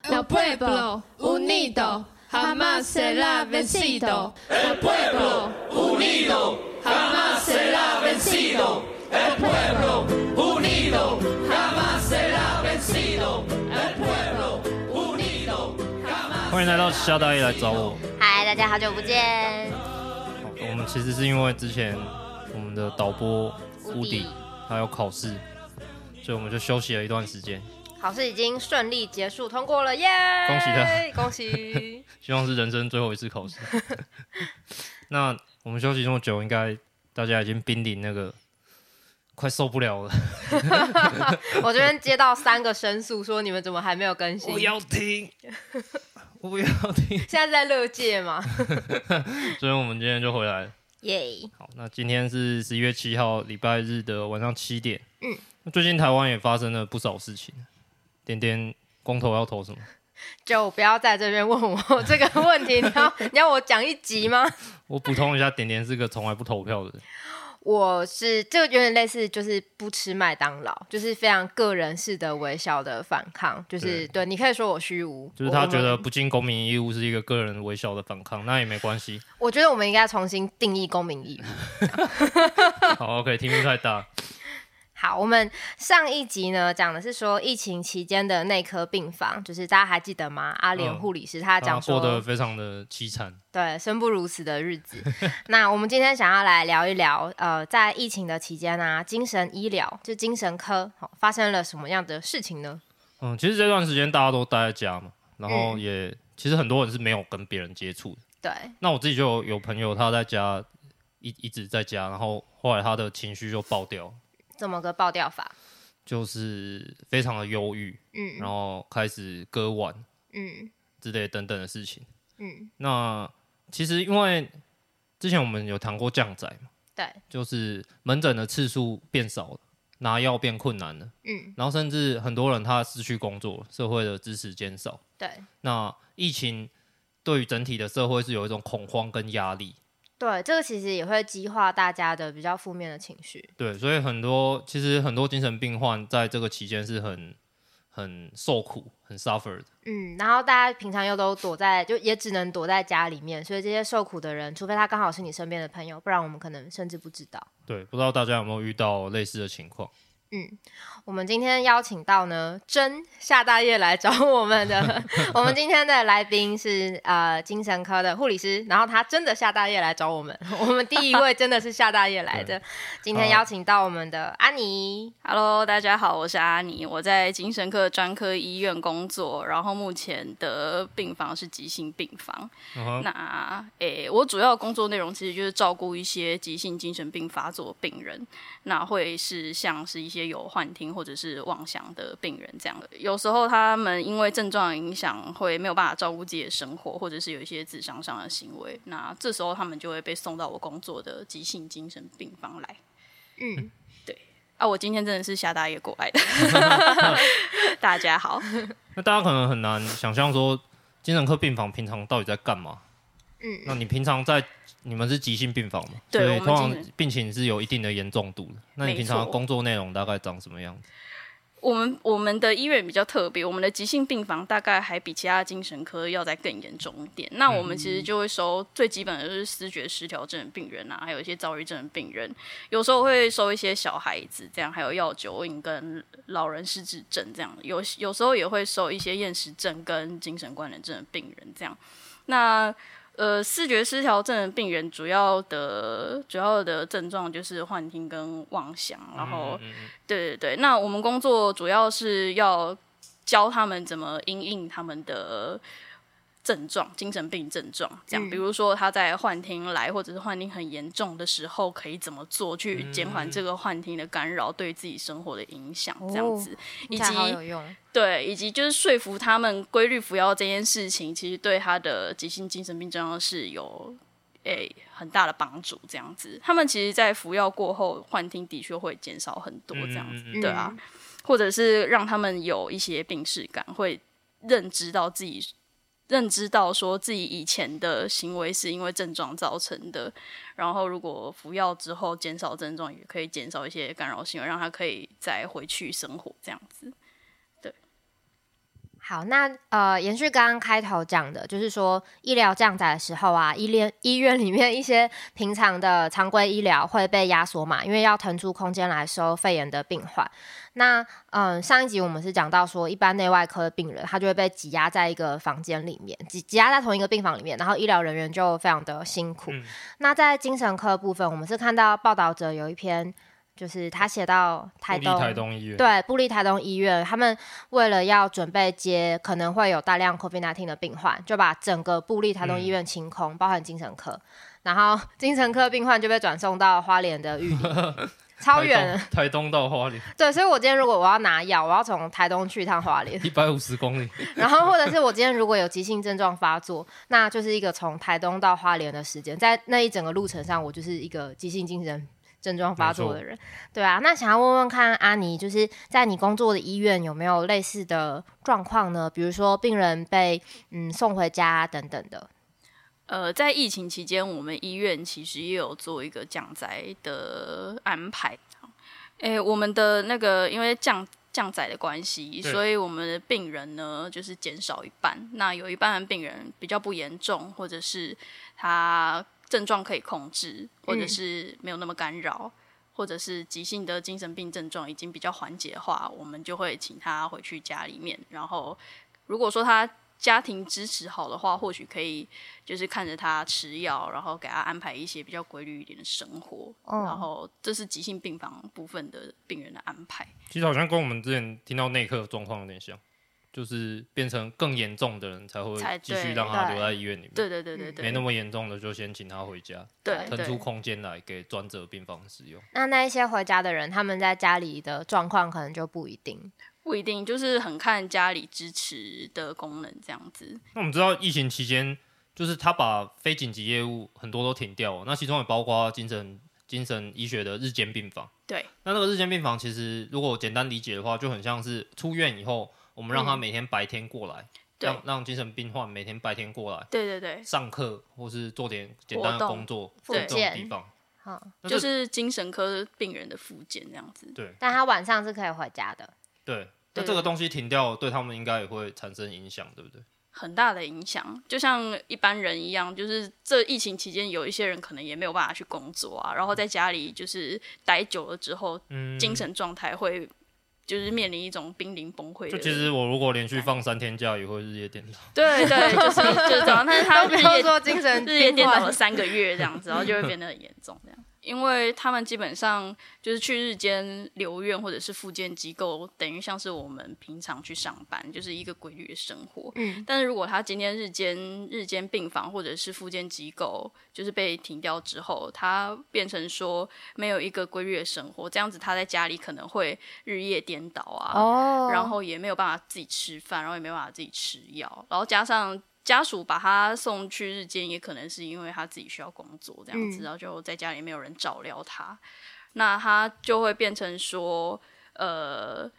歡迎來到下大夜來找我。嗨，大家好久不見。我們其實是因為之前我們的導播烏迪還有考試，所以我們就休息了一段時間。考試已經順利結束，通過了，耶、yeah!！恭喜他，恭喜！ 希望是人生最後一次考試。 那我們休息這麼久，應該大家已經瀕臨那個快受不了了。 我這邊接到三個申訴，說你們怎麼還沒有更新？我要停 我不要停，不要停！現在在樂界嘛，所以我們今天就回來。耶、yeah.！好，那今天是十一月七號，禮拜日的晚上七點。嗯，那最近台灣也發生了不少事情。點點公投要投什麼？就不要在這邊問我這個問題。你要 你要我講一集嗎？我補充一下，點點是個從來不投票的人。 我是這個有點類似，就是不吃麥當勞，就是非常個人式的微小的反抗。就是對，對，你可以說我虛無，就是他覺得不盡公民義務是一個個人微小的反抗，那也沒關係。我覺得我們應該重新定義公民義務。 這樣 好，OK，題 目太大。好，我們上一集呢講的是說疫情期間的內科病房，就是大家還記得嗎？阿聯護理師她講說過得非常的淒慘，對，生不如死的日子。 那我們今天想要來聊一聊，呃，在疫情的期間呢、啊，精神醫療就精神科、哦、發生了什麼樣的事情呢？嗯，其實這段時間大家都待在家嘛，然後也、嗯、其實很多人是沒有跟別人接觸的。對，那我自己就有朋友他在家一一直在家，然後後來他的情緒就爆掉。怎麼個爆掉法？就是非常的憂鬱，嗯，然後開始割腕，嗯，之類的等等的事情，嗯。那其實因為之前我們有談過降載嘛，對，就是門診的次數變少了，拿藥變困難了，嗯，然後甚至很多人他失去工作，社會的支持減少，對。那疫情對於整體的社會是有一種恐慌跟壓力。對，這個其實也會激化大家的比較負面的情緒。對，所以很多其實很多精神病患在這個期間是很很受苦、很 suffer 的。嗯，然後大家平常又都躲在，就也只能躲在家裡面，所以這些受苦的人，除非他剛好是你身邊的朋友，不然我們可能甚至不知道。對，不知道大家有沒有遇到類似的情況？嗯，我們今天邀請到呢，真下大夜來找我們的。 我們今天的來賓是呃精神科的護理師，然後他真的下大夜來找我們。我們第一位真的是下大夜來的。 今天邀請到我們的阿尼，Hello，大家好，我是阿尼，我在精神科專科醫院工作，然後目前的病房是急性病房。Uh -huh. 那哎、欸，我主要工作內容其實就是照顧一些急性精神病發作病人，那會是像是一些。也有幻聽或者是妄想的病人，這樣的，有時候他們因為症狀影響會沒有辦法照顧自己的生活，或者是有一些自傷上、上的行為，那這時候他們就會被送到我工作的急性精神病房來。嗯，對啊，我今天真的是下大夜過來的。 大家好 ，那大家可能很難想象說精神科病房平常到底在幹嘛？嗯，那你平常在？你們是急性病房嗎？對，我們病情是有一定的嚴重度的。那你平常工作內容大概長什麼樣子？我們我們的醫院比較特別，我們的急性病房大概還比其他精神科要再更嚴重一點。那我們其實就會收最基本的就是思覺失調症的病人啊，還有一些躁鬱症的病人，有時候會收一些小孩子這樣，還有藥酒癮跟老人失智症這樣的。有有時候也會收一些厭食症跟精神關聯症的病人這樣。那呃，思覺失調症的病人主要的主要的症狀就是幻聽跟妄想，然後嗯嗯嗯嗯，對對對，那我們工作主要是要教他們怎麼因應他們的。症狀，精神病症狀，這樣，比如說他在幻聽來或者是幻聽很嚴重的時候，可以怎麼做去減緩這個幻聽的干擾對自己生活的影響？這樣子，哦、以及對，以及就是說服他們規律服藥這件事情，其實對他的急性精神病症狀是有誒、欸、很大的幫助。這樣子，他們其實在服藥過後，幻聽的確會減少很多，這樣子，嗯嗯嗯對啊，或者是讓他們有一些病恥感，會認知到自己。認知到說自己以前的行為是因為症狀造成的。然後如果服藥之後減少症狀，也可以減少一些干擾行為，讓他可以再回去生活這樣子。好，那呃，延續剛剛開頭講的，就是說醫療降載的時候啊，醫聯醫院裡面一些平常的常規醫療會被壓縮嘛，因為要騰出空間來收肺炎的病患。那嗯、呃，上一集我們是講到說，一般內外科的病人他就會被擠壓在一個房間裡面，擠擠壓在同一個病房裡面，然後醫療人員就非常的辛苦。嗯、那在精神科部分，我們是看到報道者有一篇。就是他寫到台東，布台東，對，布立台東醫院，他們為了要準備接可能會有大量 COVID-19 的病患，就把整個布立台東醫院清空，嗯，包含精神科，然後精神科病患就被轉送到花蓮的玉里， 超遠台，台東到花蓮。對，所以我今天如果我要拿藥，我要從台東去一趟花蓮，一百五十公里。 然後或者是我今天如果有急性症狀發作，那就是一個從台東到花蓮的時間，在那一整個路程上，我就是一個急性精神。症狀發作的人，對啊，那想要問問看，阿尼就是在你工作的醫院有沒有類似的狀況呢？比如說病人被嗯送回家等等的。呃，在疫情期間，我們醫院其實也有做一個降載的安排。誒、欸，我們的那個因為降降載的關係，所以我們的病人呢就是減少一半。那有一半的病人比較不嚴重，或者是他。症狀可以控制，或者是沒有那麼干擾，嗯，或者是急性的精神病症狀已經比較緩解的話，我們就會請他回去家裡面。然後，如果說他家庭支持好的話，或許可以就是看着他吃藥，然後給他安排一些比較規律一點的生活。嗯、然後，這是急性病房部分的病人的安排。其實好像跟我們之前聽到內科的狀況有點像。就是變成更嚴重的人才會繼續讓他留在醫院裡面。對對，對對對對，沒那麼嚴重的就先請他回家，對對對，騰出空間來給專責病房使用。那那一些回家的人，他們在家裡的狀況可能就不一定，不一定，就是很看家裡支持的功能這樣子。那我們知道疫情期間，就是他把非緊急業務很多都停掉了，那其中也包括精神精神醫學的日間病房。對，那那個日間病房其實如果簡單理解的話，就很像是出院以後。我們讓他每天白天過來，讓、嗯、讓精神病患每天白天過來，對對對，上課或是做點簡單的工作，這種地方，好，就是精神科病人的復健，這樣子。對，但他晚上是可以回家的。對，對那這個東西停掉，對他們應該也會產生影響，對不對？很大的影響，就像一般人一樣，就是這疫情期間，有一些人可能也沒有辦法去工作啊，然後在家裡就是待久了之後，嗯，精神狀態會。就是面臨一種瀕臨崩潰。就其實我如果連續放三天假，也會是日夜顛倒，哎。對對，就是早上、就是、他他說精神日夜顛倒了三個月這樣子，然後就會變得很嚴重這樣。因為他們基本上就是去日間留院或者是復健機構，等於像是我們平常去上班，就是一個規律的生活。嗯，但是如果他今天日間日間病房或者是復健機構就是被停掉之後，他變成說沒有一個規律的生活，這樣子他在家裡可能會日夜顛倒啊，哦，然後也沒有辦法自己吃飯，然後也沒辦法自己吃藥，然後加上。家屬把他送去日間，也可能是因為他自己需要工作，這樣子、嗯，然後就在家裡沒有人照料他，那他就會變成說，呃。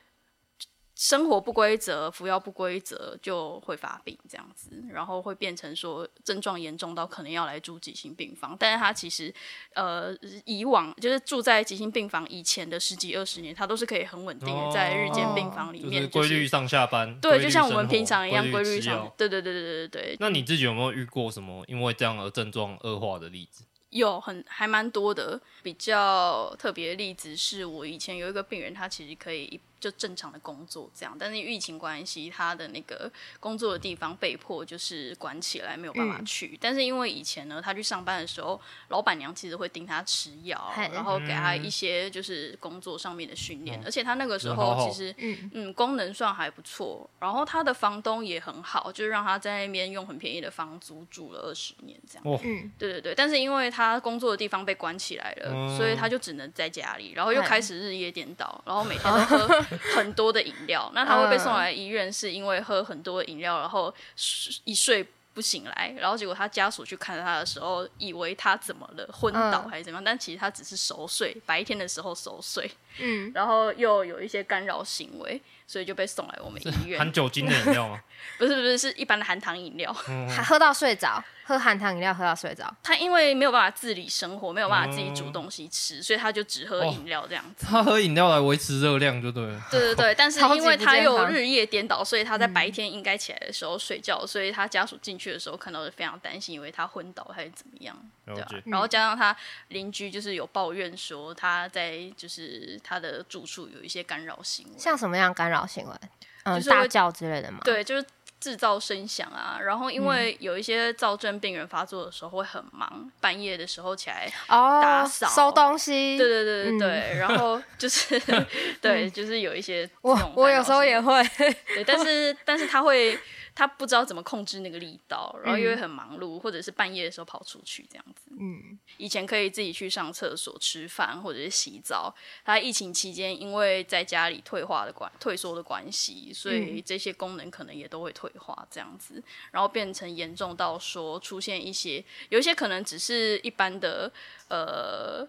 生活不規則，服藥不規則，就會發病這樣子，然後會變成說症狀嚴重到可能要來住急性病房。但是他其實，呃，以往就是住在急性病房以前的十幾二十年，他都是可以很穩定的在日間病房裡面，就是哦，就是規律上下班，就是，對，就像我們平常一樣規律，律上下。對對對對對對對。那你自己有沒有遇過什麼因為這樣的症狀惡化的例子？有很還蠻多的，比較特別的例子是我以前有一個病人，他其實可以。就正常的工作這樣，但是疫情關係，他的那個工作的地方被迫就是關起來，沒有辦法去、嗯。但是因為以前呢，他去上班的時候，老闆娘其實會盯他吃藥、嗯，然後給他一些就是工作上面的訓練、嗯。而且他那個時候其實嗯，嗯，好好嗯功能算還不錯。然後他的房東也很好，就是讓他在那邊用很便宜的房租住了二十年這樣、嗯。對對對。但是因為他工作的地方被關起來了，嗯、所以他就只能在家裡，然後又開始日夜顛倒、嗯，然後每天都喝。 很多的飲料，那他會被送來醫院，是因為喝很多飲料，然後一睡不醒來，然後結果他家屬去看他的時候，以為他怎麼了，昏倒還是怎麼樣，嗯，但其實他只是熟睡，白天的時候熟睡，嗯，然後又有一些干擾行為。所以就被送來我們醫院。含酒精的飲料嗎？ 不是不是，是一般的含糖飲料。喝到睡着，喝含糖飲料喝到睡着。他因為沒有辦法自理生活，沒有辦法自己煮東西吃，嗯、所以他就只喝飲料這樣子。哦、他喝飲料來維持熱量就對了。 對對對，但是因為他又日夜顛倒，所以他在白天應該起來的時候睡覺，所以他家屬進去的時候看到就非常擔心，以為他昏倒還是怎麼樣。對、啊，然後加上他鄰居就是有抱怨說他在就是他的住處有一些干擾性，像什麼樣干擾行為？嗯、就是，大叫之類的嘛？對，就是製造聲響啊。然後因為有一些躁症病人發作的時候會很忙，半夜的時候起來打掃，哦打掃收東西。對對對對，對、嗯、然後就是 對，就是有一些我我有時候也會， 對，但是但是他會。他不知道怎麼控制那個力道，然後又會很忙碌，嗯，或者是半夜的時候跑出去這樣子。嗯、以前可以自己去上廁所、吃飯或者是洗澡，他在疫情期間因為在家裡退化的關、退縮的關係，所以這些功能可能也都會退化這樣子，嗯、然後變成嚴重到說出現一些，有一些可能只是一般的呃。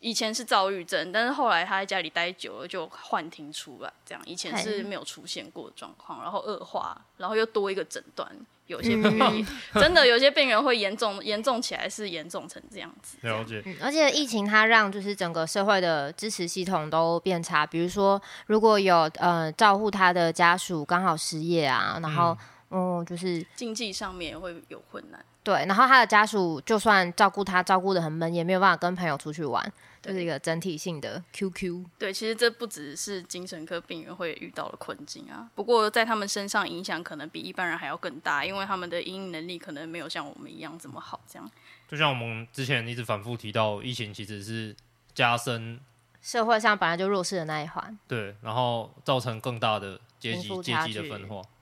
以前是躁鬱症，但是後來他在家裡待久了就幻聽出來，這樣以前是沒有出現過狀況，然後惡化，然後又多一個診斷，有些病人、嗯、真的有些病人會嚴重 嚴重起來，是嚴重成這樣子這樣。了解、嗯，而且疫情它讓就是整個社會的支持系統都變差，比如說如果有呃照顧他的家屬剛好失業啊，然後。嗯哦、嗯，就是經濟上面會有困難。對，然後他的家屬就算照顧他，照顧得很悶，也沒有辦法跟朋友出去玩，就是一個整體性的 QQ。對，其實這不只是精神科病人會遇到的困境啊，不過在他們身上影響可能比一般人還要更大，因為他們的適應能力可能沒有像我們一樣這麼好。這樣，就像我們之前一直反覆提到，疫情其實是加深社會上本來就弱勢的那一環。對，然後造成更大的。貧富差距。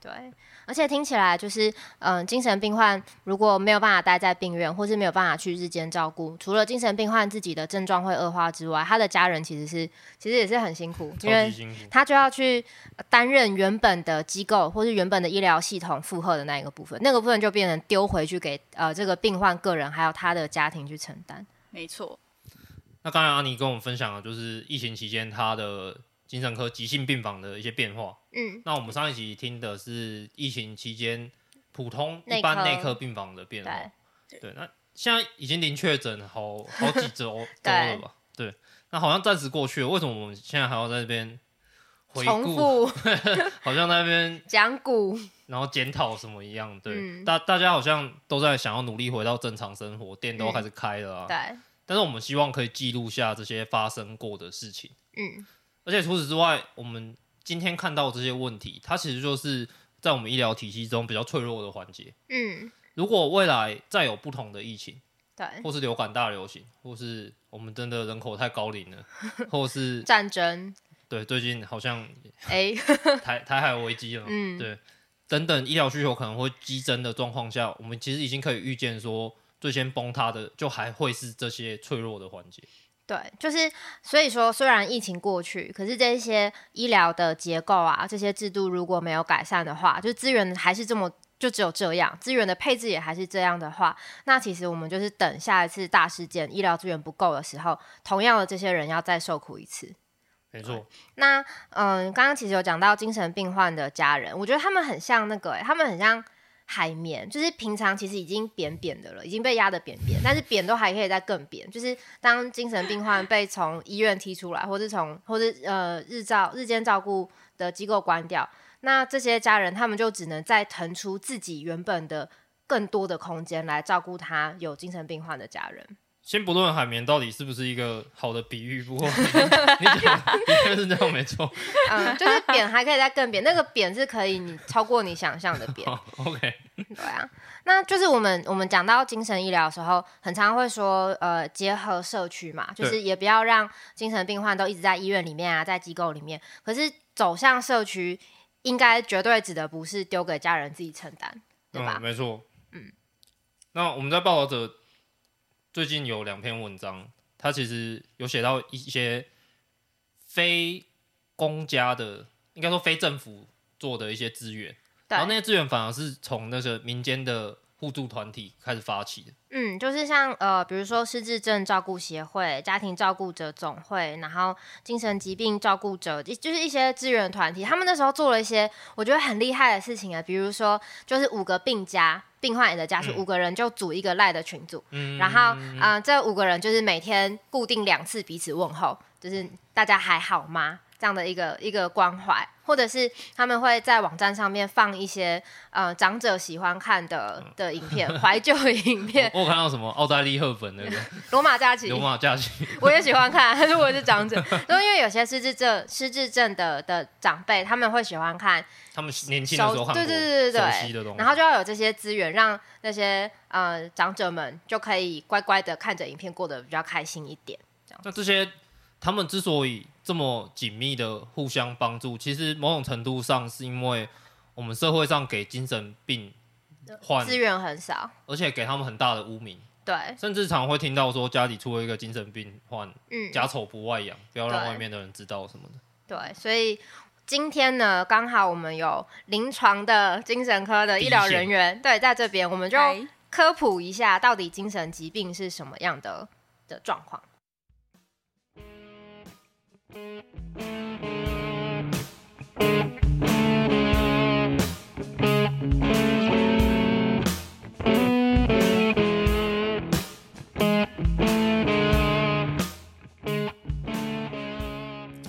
對，而且聽起來就是，嗯、呃，精神病患如果沒有辦法待在病院，或是沒有辦法去日間照顧，除了精神病患自己的症狀會惡化之外，他的家人其實是其實也是很辛苦，辛苦，因為他就要去擔任原本的機構或是原本的醫療系統負荷的那一個部分，那個部分就變成丟回去給呃這個病患個人還有他的家庭去承擔。沒錯。那剛才阿尼跟我們分享的，就是疫情期間他的。精神科急性病房的一些變化。嗯，那我們上一集聽的是疫情期間普通一般內科病房的變化對。對，那現在已經零確診，好好幾周多 了吧？對。那好像暫時過去了，為什麼我們現在還要在這邊回顧？重複 好像在那邊講古，然後檢討什麼一樣。對，嗯、大大家好像都在想要努力回到正常生活，店都開始開了啊。嗯、對。但是我們希望可以記錄下這些發生過的事情。嗯。而且除此之外，我們今天看到的這些問題，它其實就是在我們醫療體系中比較脆弱的環節。嗯，如果未來再有不同的疫情，對，或是流感大流行，或是我們真的人口太高齡了，或是戰爭，對，最近好像、欸、 台台海危機了，嗯，對，等等，醫療需求可能會激增的狀況下，我們其實已經可以預見，說最先崩塌的就還會是這些脆弱的環節。對，就是所以說，雖然疫情過去，可是這些醫療的結構啊，這些制度如果沒有改善的話，就資源還是這麼，就只有這樣，資源的配置也還是這樣的話，那其實我們就是等下一次大事件，醫療資源不夠的時候，同樣的這些人要再受苦一次。沒錯。那嗯，剛剛其實有講到精神病患的家人，我覺得他們很像那個、欸，他們很像。海綿就是平常其實已經扁扁的了，已經被壓得扁扁，但是扁都還可以再更扁，就是當精神病患被從醫院踢出來，或是從，或是呃日照，日間照顧的機構關掉，那這些家人他們就只能再騰出自己原本的更多的空間來照顧他有精神病患的家人。先不論海綿到底是不是一個好的比喻，不過的確 是這樣，沒錯。 嗯，就是扁還可以再更扁，那個扁是可以你超過你想象的扁。 oh, OK。對啊，那就是我們我們講到精神醫療的時候，很常會說，呃，結合社區嘛，就是也不要讓精神病患都一直在醫院裡面啊，在機構裡面。可是走向社區，應該絕對指的不是丟給家人自己承擔，對吧？嗯、沒錯。嗯。那我們在報道者。最近有兩篇文章，他其實有寫到一些非公家的，應該說非政府做的一些資源，然後那些資源反而是從那個民間的互助團體開始發起的。嗯，就是像呃，比如說失智症照顧協會、家庭照顧者總會，然後精神疾病照顧者，就是一些資源團體，他們那時候做了一些我覺得很厲害的事情啊，比如說就是五個病家。病患的家屬五個人就組一個賴的群組，嗯，然後，嗯，呃，這五個人就是每天固定兩次彼此問候，就是大家還好嗎？這樣的一個一個關懷，或者是他們會在網站上面放一些呃長者喜歡看的的影片，懷舊影片。嗯、 我看到什麼奧黛麗赫本那個羅 馬假期，羅馬假期 我也喜歡看，因為我是長者， 因為有些失智症失智症的的長輩，他們會喜歡看他們年輕的時候看過，對對對,對,對,對然後就要有這些資源，讓那些呃長者們就可以乖乖的看着影片，過得比較開心一點。這樣，那這些他們之所以。這麼緊密的互相幫助，其實某種程度上是因為我們社會上給精神病患資源很少，而且給他們很大的污名，對，甚至常會聽到說家裡出了一個精神病患，嗯，家醜不外揚，不要讓外面的人知道什麼的。對，對，所以今天呢，剛好我們有臨床的精神科的醫療人員，對，在這邊，我們就科普一下到底精神疾病是什麼樣的的狀況。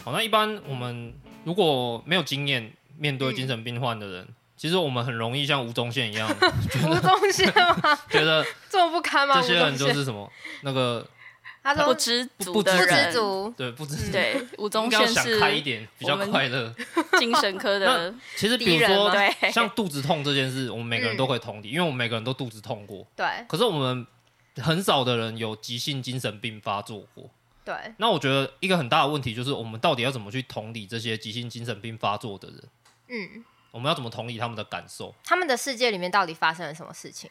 好，那一般我們如果沒有經驗面對精神病患的人，嗯、其實我們很容易像吳宗憲一樣，吳 宗憲嗎？ 覺得這麼不堪嗎？這些人就是什麼？那個。他是不知足的人，對不，不知足。對，吳宗比較想開一點， 比較快樂。精神科的人。其實，比如說，像肚子痛這件事，我們每個人都會同理，嗯，因為我們每個人都肚子痛過。對。可是，我們很少的人有急性精神病發作過。對。那我覺得一個很大的問題就是，我們到底要怎麼去同理這些急性精神病發作的人？嗯。我們要怎麼同理他們的感受？他們的世界裡面到底發生了什麼事情？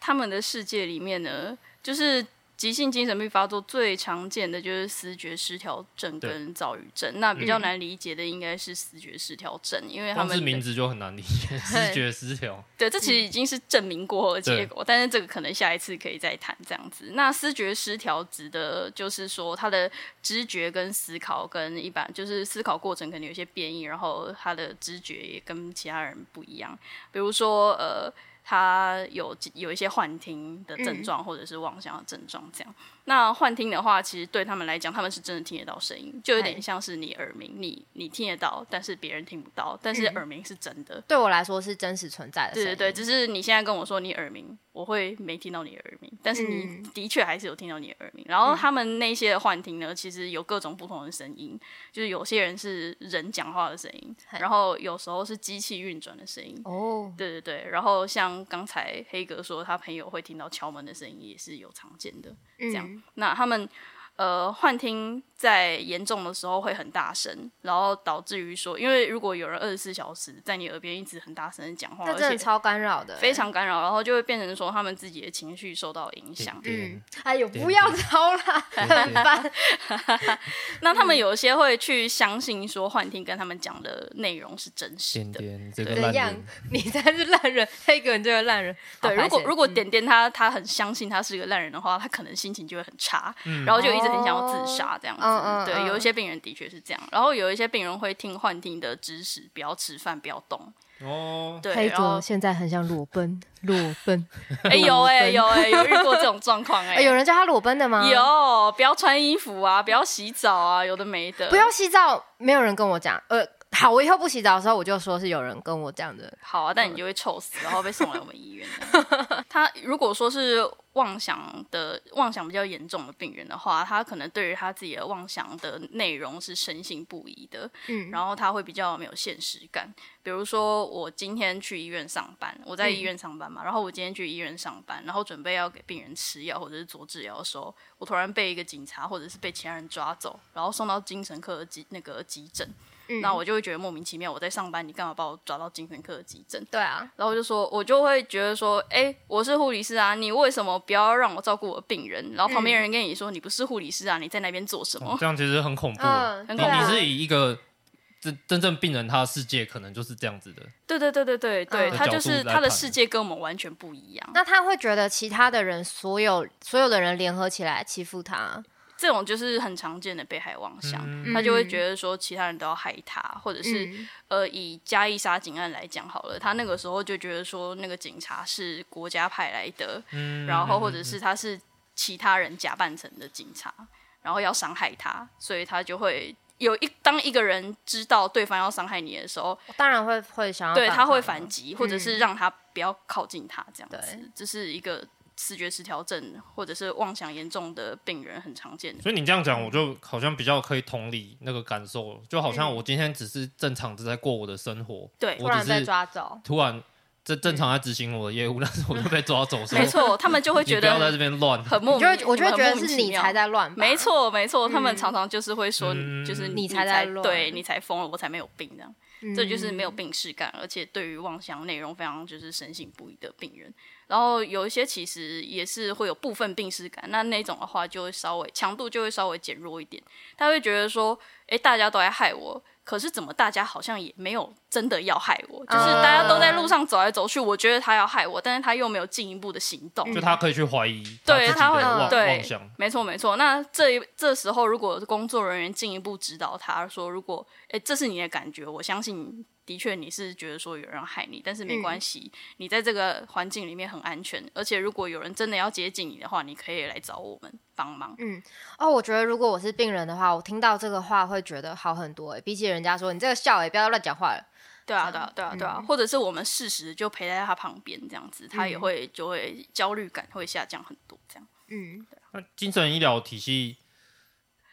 他們的世界裡面呢，就是。急性精神病發作最常見的就是思覺失調症跟躁鬱症，那比較難理解的應該是思覺失調症，嗯，因為他們的名字就很難理解。 思覺失調，對，這其實已經是證明過的結果，嗯，但是這個可能下一次可以再談這樣子。那思覺失調指的就是說，他的知覺跟思考跟一般就是思考過程可能有些變異，然後他的知覺也跟其他人不一樣，比如說呃。他有有一些幻聽的症狀，或者是妄想的症狀，這樣。那幻聽的話，其實對他們來講，他們是真的聽得到聲音，就有點像是你耳鳴，你你聽得到，但是別人聽不到，但是耳鳴是真的 。對我來說是真實存在的聲音。對對對，只是你現在跟我說你耳鳴，我會沒聽到你的耳鳴，但是你的確還是有聽到你的耳鳴，嗯。然後他們那些幻聽呢，其實有各種不同的聲音，就是有些人是人講話的聲音，嗯，然後有時候是機器運轉的聲音。哦，對對對。然後像剛才黑哥說，他朋友會聽到敲門的聲音，也是有常見的，嗯、這樣。那他們。呃，幻聽在嚴重的時候會很大聲，然後導致於說，因為如果有人二十四小時在你耳邊一直很大聲的講話，而且超干擾的、欸，非常干擾，然後就會變成說他們自己的情緒受到影響。點點嗯，哎呦，點點不要吵啦，很煩。 那他們有些會去相信說幻聽跟他們講的內容是真實的。點點這個、對怎樣你才是爛人，那 個人就是爛人。對，如果如果點點他他很相信他是一個爛人的話，他可能心情就會很差，嗯、然後就一。Oh, 很想要自殺這樣子，嗯、對、嗯，有一些病人的確是這樣、嗯。然後有一些病人會聽幻聽的指示，不要吃飯，不要動。哦，對，然後現在很想裸，裸奔，裸奔，哎、欸、有哎、欸、有哎、欸、有遇過這種狀況哎，有人叫他裸奔的嗎？有，不要穿衣服啊，不要洗澡啊，有的沒的，不要洗澡，沒有人跟我講，呃。好，我以後不洗澡的時候，我就說是有人跟我這樣的。好啊，但你就會臭死，然後被送來我們醫院。 他如果說是妄想的妄想比較嚴重的病人的話，他可能對於他自己的妄想的內容是深信不疑的。嗯，然後他會比較沒有現實感。比如說，我今天去醫院上班，我在醫院上班嘛、嗯，然後我今天去醫院上班，然後準備要給病人吃藥或者是做治療的時候，我突然被一個警察或者是被其他人抓走，然後送到精神科的急那個急診。嗯、那我就會覺得莫名其妙，我在上班，你干嘛把我抓到精神科急診？對啊，然後我就說，我就會覺得說，哎，我是護理師啊，你為什麼不要讓我照顧我的病人？然後旁邊人跟你說、嗯，你不是護理師啊，你在那邊做什麼？哦、這樣其實很恐怖、啊，嗯、很恐怖，你、你是以一個真真正病人他的世界，可能就是這樣子的。對、啊、對對對對對，對、嗯，他就是他的世界跟我們完全不一樣。那他會覺得其他的人，所有所有的人聯合起來欺負他。這種就是很常見的被害妄想、嗯，他就會覺得說其他人都要害他、嗯，或者是、嗯、呃以嘉義殺警案來講好了，他那個時候就覺得說那個警察是國家派來的，嗯、然後或者是他是其他人假扮成的警察，嗯、然後要傷害他、嗯，所以他就會有一當一個人知道對方要傷害你的時候，當然會會想要對他會反擊、嗯，或者是讓他不要靠近他這樣子，對，這是一個。思覺失調症或者是妄想嚴重的病人很常見，所以你這樣講，我就好像比較可以同理那個感受，就好像我今天只是正常的在過我的生活，嗯、對，突然在抓走，突然這正常在執行我的業務、嗯，但是我就被抓走，嗯、沒錯，他們就會覺得不要在這邊亂，很莫名，我就我就覺得是你才在亂，沒錯沒錯，他們常常就是會說、嗯，就是你,你才在亂，對，你才瘋了，我才沒有病這樣。這就是沒有病識感、嗯，而且對於妄想內容非常就是深信不疑的病人。然後有一些其實也是會有部分病識感，那那種的話就會稍微強度就會稍微減弱一點。他會覺得說，哎，大家都在害我。可是怎麼大家好像也沒有真的要害我？就是大家都在路上走來走去，oh. 我覺得他要害我，但是他又沒有進一步的行動，就他可以去懷疑他的妄，對，他會，妄想，對，沒錯沒錯。那這一這時候，如果工作人員進一步指導他說，如果，哎、欸，這是你的感覺，我相信。的確，你是覺得說有人害你，但是沒關係，嗯，你在這個環境裡面很安全。而且，如果有人真的要接近你的話，你可以來找我們幫忙。嗯，哦，我覺得如果我是病人的話，我聽到這個話會覺得好很多，欸。哎，比起人家說你這個笑也，欸、不要亂講話了。對啊，對啊，對啊，對啊。嗯、或者是我們適時就陪在他旁邊，這樣子他也會、嗯、就會焦慮感會下降很多。這樣，嗯，對、啊。那精神醫療體系，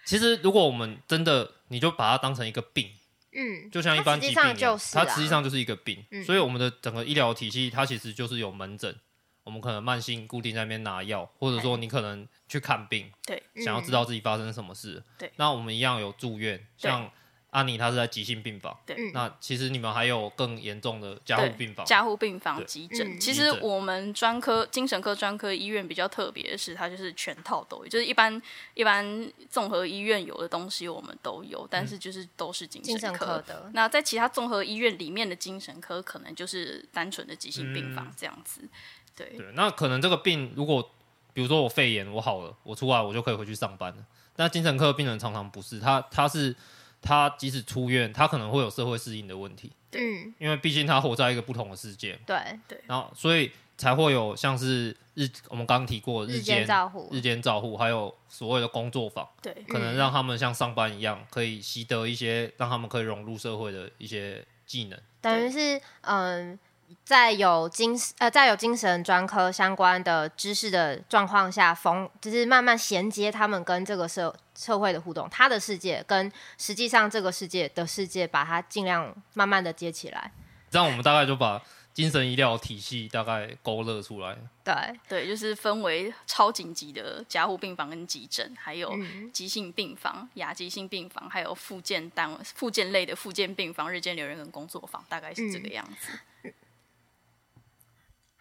其實如果我們真的，你就把它當成一個病。嗯，就像一般疾病、啊它啊，它實際上就是一個病、嗯。所以我們的整個醫療體系，它其實就是有門診、嗯，我們可能慢性固定在那邊拿藥，或者說你可能去看病，哎、對，想要知道自己發生什麼事了、嗯，那我們一樣有住院，像。阿尼他是在急性病房，對。那其實你們還有更嚴重的加護病房。加護病房急診，急診，其實我們專科、嗯、精神科專科醫院比較特別的是，它就是全套都有，就是一般一般綜合醫院有的東西我們都有，但是就是都是精神科的。嗯、科，那在其他綜合醫院裡面的精神科，可能就是單純的急性病房這樣子。嗯、對對。那可能這個病，如果比如說我肺炎我好了，我出來我就可以回去上班了。但精神科病人常常不是，他他是。他即使出院，他可能會有社會適應的問題。嗯、因為畢竟他活在一個不同的世界。對對。然後，所以才會有像是日，我們剛提過的日間，日間照護、日間照護，還有所謂的工作坊，對，可能讓他們像上班一樣，可以習得一些、嗯、讓他們可以融入社會的一些技能。等於是，嗯、呃。在有精呃，在有精神專科相關的知識的狀況下，縫就是慢慢銜接他們跟這個社社會的互動，他的世界跟實際上這個世界的世界，把它儘量慢慢的接起來。這樣我們大概就把精神醫療體系大概勾勒出來。對對，就是分為超緊急的加護病房跟急診，還有急性病房、嗯、亞急性病房，還有復健單復健類的復健病房、日間留人跟工作房，大概是這個樣子。嗯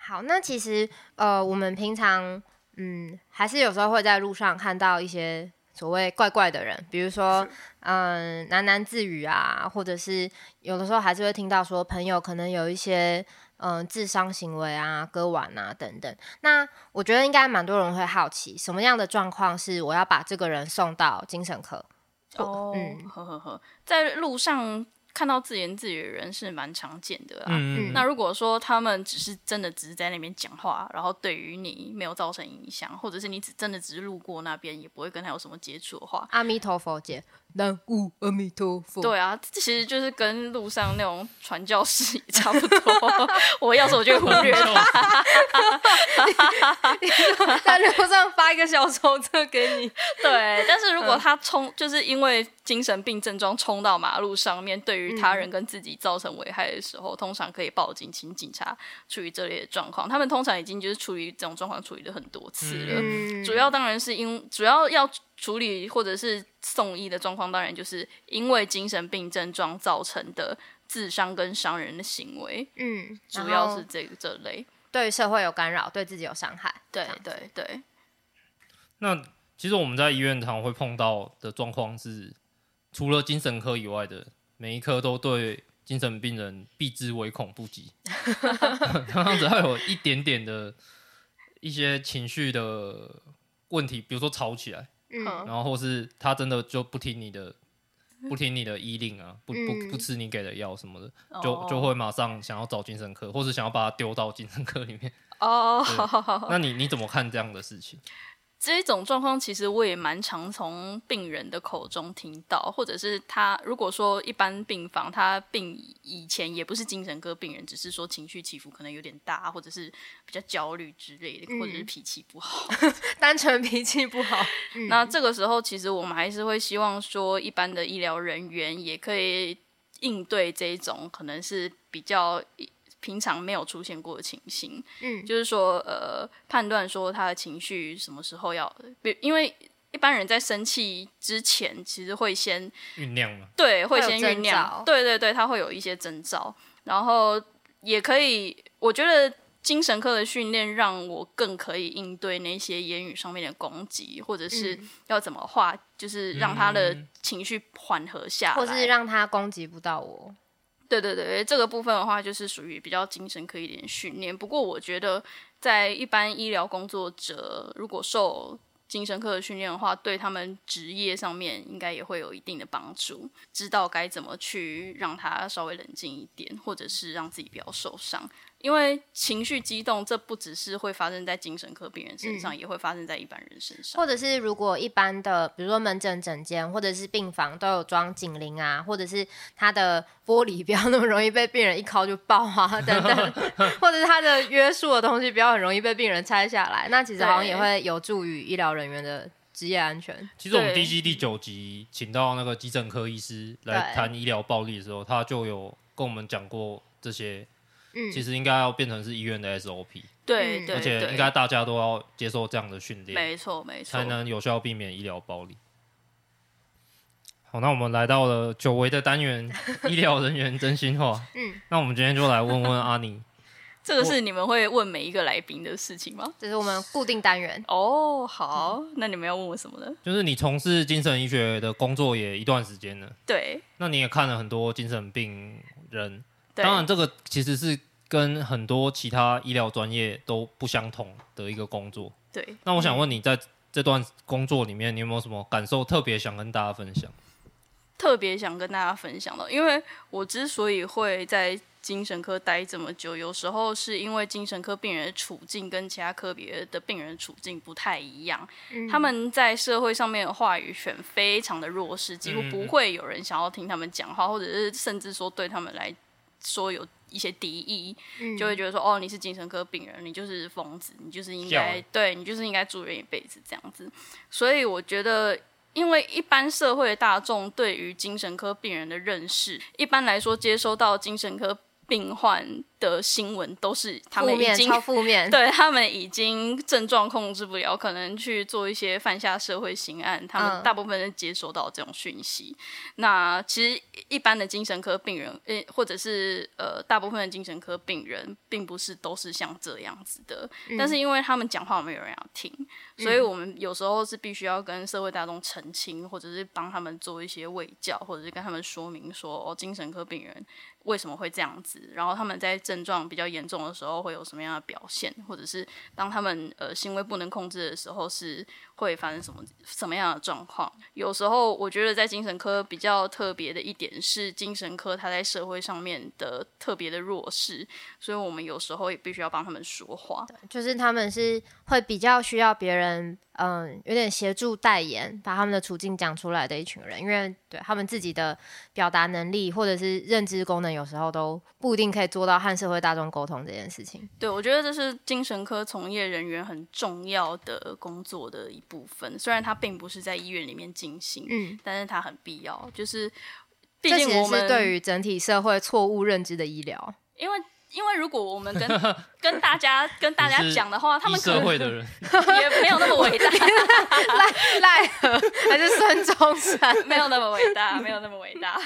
好，那其實，呃，我們平常，嗯，還是有時候會在路上看到一些所謂怪怪的人，比如說，嗯，喃喃自語啊，或者是有的時候還是會聽到說朋友可能有一些，嗯、呃，自傷行為啊、割腕啊等等。那我覺得應該蠻多人會好奇，什麼樣的狀況是我要把這個人送到精神科？哦、oh，嗯，呵呵呵，在路上。看到自言自語的人是蠻常見的啊，嗯。那如果說他們只是真的只是在那邊講話，然後對於你沒有造成影響，或者是你只真的只是路過那邊，也不會跟他有什麼接觸的話，阿彌陀佛姐南無阿彌陀佛。對啊，這其實就是跟路上那種傳教士差不多。 我要是我就會忽略他。 啊， 我在路上發一個小紅車給你，對。但是如果他衝，嗯，就是因為精神病症狀衝到馬路上面，對於對於他人跟自己造成危害的時候，嗯，通常可以報警，請警察處理這類的狀況。他們通常已經就是處於這種狀況，處理了很多次了。嗯，主要當然是因主要要處理或者是送醫的狀況，當然就是因為精神病症狀造成的自傷跟傷人的行為。嗯，主要是這個這類對社會有干擾，對自己有傷害。對對對。那其實我們在醫院常常會碰到的狀況是，除了精神科以外的。每一科都對精神病人避之唯恐不及，這樣，只要有一點點的一些情緒的問題，比如說吵起來、嗯，然後或是他真的就不聽你的，不聽你的醫令啊，不不，不吃你給的藥什麼的，嗯、就就會馬上想要找精神科，或者想要把他丟到精神科裡面。哦，好好好，那你你怎麼看這樣的事情？這一種狀況其實我也蠻常從病人的口中聽到，或者是他，如果說一般病房，他病以前也不是精神科病人，只是說情緒起伏可能有點大，或者是比較焦慮之類的，或者是脾氣不好，嗯、 單純脾氣不好、嗯。那這個時候，其實我們還是會希望說，一般的醫療人員也可以應對這一種可能是比較。平常沒有出現過的情形，嗯，就是說，呃，判斷說他的情緒什麼時候要，因為一般人在生氣之前，其實會先醞釀嘛，對，會先醞釀，對對對，他會有一些徵兆，然後也可以，我覺得精神科的訓練讓我更可以應對那些言語上面的攻擊，或者是要怎麼化，嗯、就是讓他的情緒緩和下來，或是讓他攻擊不到我。對對對，這個部分的話就是屬於比較精神科一點訓練。不過我覺得，在一般醫療工作者如果受精神科的訓練的話，對他們職業上面應該也會有一定的幫助，知道該怎麼去讓他稍微冷靜一點，或者是讓自己不要受傷。因為情緒激動，這不只是會發生在精神科病人身上、嗯，也會發生在一般人身上。或者是如果一般的，比如說門診診間或者是病房都有裝警鈴啊，或者是他的玻璃不要那麼容易被病人一敲就爆啊，等等， 或者是他的約束的東西不要很容易被病人拆下來， 那其實好像也會有助於醫療人員的職業安全。其實我們第一季第九集請到那個急診科醫師來談醫療暴力的時候，他就有跟我們講過這些。嗯，其實應該要變成是醫院的 SOP，對、嗯、對，而且應該大家都要接受這樣的訓練，沒錯沒錯，才能有效避免醫療暴力。好，那我們來到了久違的單元—— 醫療人員真心話。嗯，那我們今天就來問問阿尼， 這個是你們會問每一個來賓的事情嗎？這是我們固定單元哦。Oh, 好，那你們要問我什麼呢？就是你從事精神醫學的工作也一段時間了，對，那你也看了很多精神病人。當然，這個其實是跟很多其他醫療專業都不相同的一個工作。對。那我想問你，在這段工作裡面，你有沒有什麼感受特別想跟大家分享？特別想跟大家分享的，因為我之所以會在精神科待這麼久，有時候是因為精神科病人的處境跟其他科別的病人處境不太一樣。嗯。他們在社會上面的話語權非常的弱勢，幾乎不會有人想要聽他們講話，或者是甚至說對他們來。說有一些敵意、嗯，就會覺得說，哦，你是精神科病人，你就是瘋子，你就是應該，對你就是應該住院一輩子這樣子。所以我覺得，因為一般社會的大眾對於精神科病人的認識，一般來說接收到的精神科病患。的新聞都是他們已經負面、超負面。對，他們已經症狀控制不了，可能去做一些犯下社會刑案。他們大部分人接收到這種訊息、嗯。那其實一般的精神科病人，誒，或者是呃，大部分的精神科病人，並不是都是像這樣子的。嗯、但是因為他們講話，沒有人要聽，所以我們有時候是必須要跟社會大眾澄清、嗯，或者是幫他們做一些衛教，或者是跟他們說明說、哦，精神科病人為什麼會這樣子。然後他們在。症狀比較嚴重的時候會有什麼樣的表現，或者是當他們呃行為不能控制的時候是會發生什麼什麼樣的狀況？有時候我覺得在精神科比較特別的一點是，精神科他在社會上面的特別的弱勢，所以我們有時候也必須要幫他們說話。對，就是他們是會比較需要別人。嗯，有點協助代言，把他們的處境講出來的一群人，因為對他們自己的表達能力或者是認知功能，有時候都不一定可以做到和社會大眾溝通這件事情。對，我覺得這是精神科從業人員很重要的工作的一部分，雖然他並不是在醫院裡面進行，嗯，但是他很必要。就是，並且我們是對於整體社會錯誤認知的醫療，因為。因為如果我們跟 跟大家跟大家講的話，是社會的人，他們可能也沒有那麼偉大，賴賴還是孫中山沒有那麼偉大，沒有那麼偉大。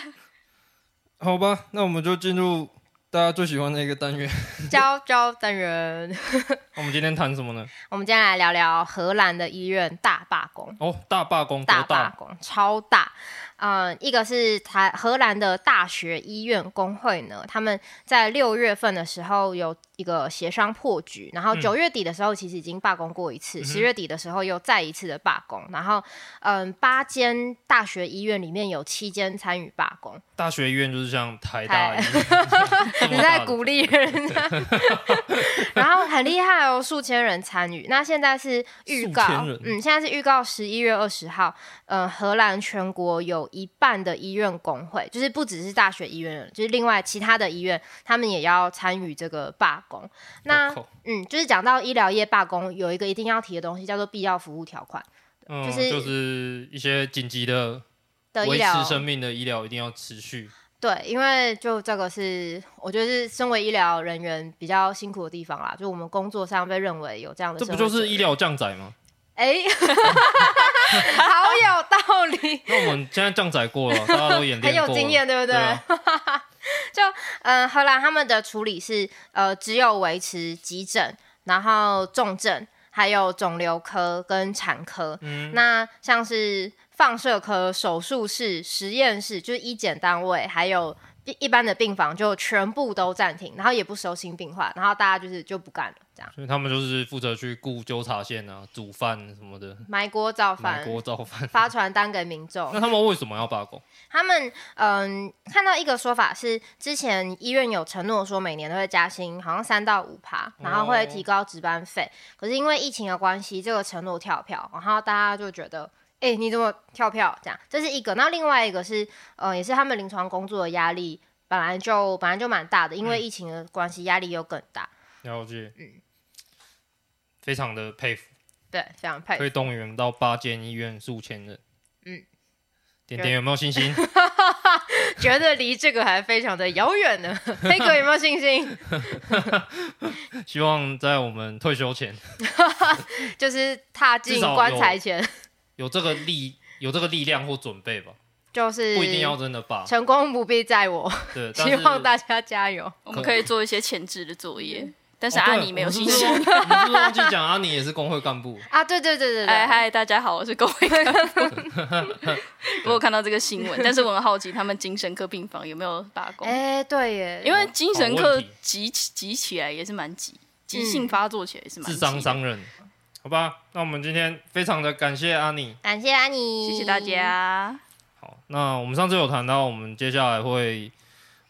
好吧，那我們就進入大家最喜歡的一個單元——教教單元。 我們今天談什麼呢？ 我們今天來聊聊荷蘭的醫院大罷工。哦，大罷工，大罷工，超大。嗯，一個是台荷蘭的大學醫院工會呢，他們在六月份的時候有一個協商破局，然後九月底的時候其實已經罷工過一次，十、嗯、月底的時候又再一次的罷工，然後嗯，八間大學醫院裡面有七間參與罷工，大學醫院就是像台大，哎、 你在鼓勵人家、啊， 然後很厲害哦，數千人參與，那現在是預告，嗯，現在是預告十一月二十號，嗯，荷蘭全國有一半的醫院工會，就是不只是大學醫院，就是另外其他的醫院，他們也要參與這個罷工。那嗯，就是講到醫療業罷工，有一個一定要提的東西叫做必要服務條款，嗯，就是就是一些緊急的的醫療、維持生命的醫療一定要持續。對，因為就這個是我覺得是身為醫療人員比較辛苦的地方啦，就我們工作上被認為有這樣的，這不就是醫療降載嗎？哎、欸， 好有道理。 那我們現在降載過了，大家都演練過了，很有經驗，對不對？對啊， 就嗯、呃，荷蘭他們的處理是呃，只有維持急診，然後重症，還有腫瘤科跟產科。嗯，那像是放射科、手術室、實驗室，就是醫檢單位，還有。一般的病房就全部都暫停，然後也不收新病患，然後大家就是就不幹了，這樣。所以他們就是負責去顧糾察線啊、煮飯什麼的。埋鍋造飯。埋鍋造飯。發傳單給民眾。那他們為什麼要罷工？他們嗯，看到一個說法是，之前醫院有承諾說每年都會加薪，好像三到五趴，然後會提高值班費，哦。可是因為疫情的關係，這個承諾跳票，然後大家就覺得。哎、欸，你怎麼跳票，這樣，這是一個。那另外一個是，呃、也是他們臨床工作的壓力本來就本來就蠻大的，因為疫情的關係，壓力又更大，嗯。了解，嗯，非常的佩服。對，非常佩服。被動員到八間醫院數千人。嗯。點點有沒有信心？覺得離 這個還非常的遙遠呢。飛哥有沒有信心？希望在我們退休前， 就是踏進棺材前。有這個力，有這個力量或準備吧，就是不一定要真的吧。成功不必在我，對，希望大家加油。我們可以做一些前置的作業，但是阿、哦、尼、啊、沒有信心、 啊。你哈哈哈忘記講，阿尼也是工會幹部啊。對對對對對，對，嗨，大家好，我是工會幹。幹 部。 我有看到這個新聞， 但是我很好奇，他們精神科病房有沒有罷工？哎、欸，對耶，因為精神科急、哦、急起來也是蠻急，急性發作起來是蠻。自、嗯、傷傷人。好吧，那我們今天非常的感謝阿尼，感謝阿尼，謝謝大家。好，那我們上次有談到，我們接下來會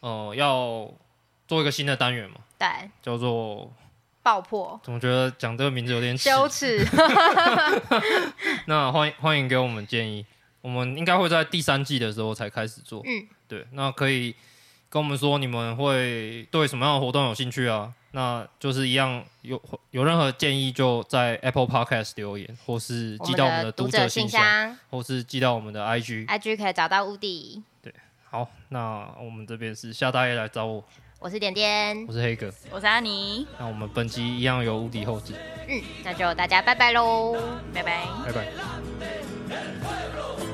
呃要做一個新的單元嘛？對，叫做爆破。怎麼覺得講這個名字有點羞恥？ 那歡迎歡迎給我們建議，我們應該會在第三季的時候才開始做。嗯，對，那可以。跟我們說，你們會對什麼樣的活動有興趣啊？那就是一樣有，有任何建議就在 Apple Podcast 留言，或是寄到我們的讀者信箱，信箱或是寄到我們的 IG，IG IG 可以找到無敵。對，好，那我們這邊是下大夜來找我，我是點點，我是黑哥，我是阿尼。那我們本期一樣有無敵後置。嗯，那就大家拜拜嘍，拜拜，拜拜。拜拜。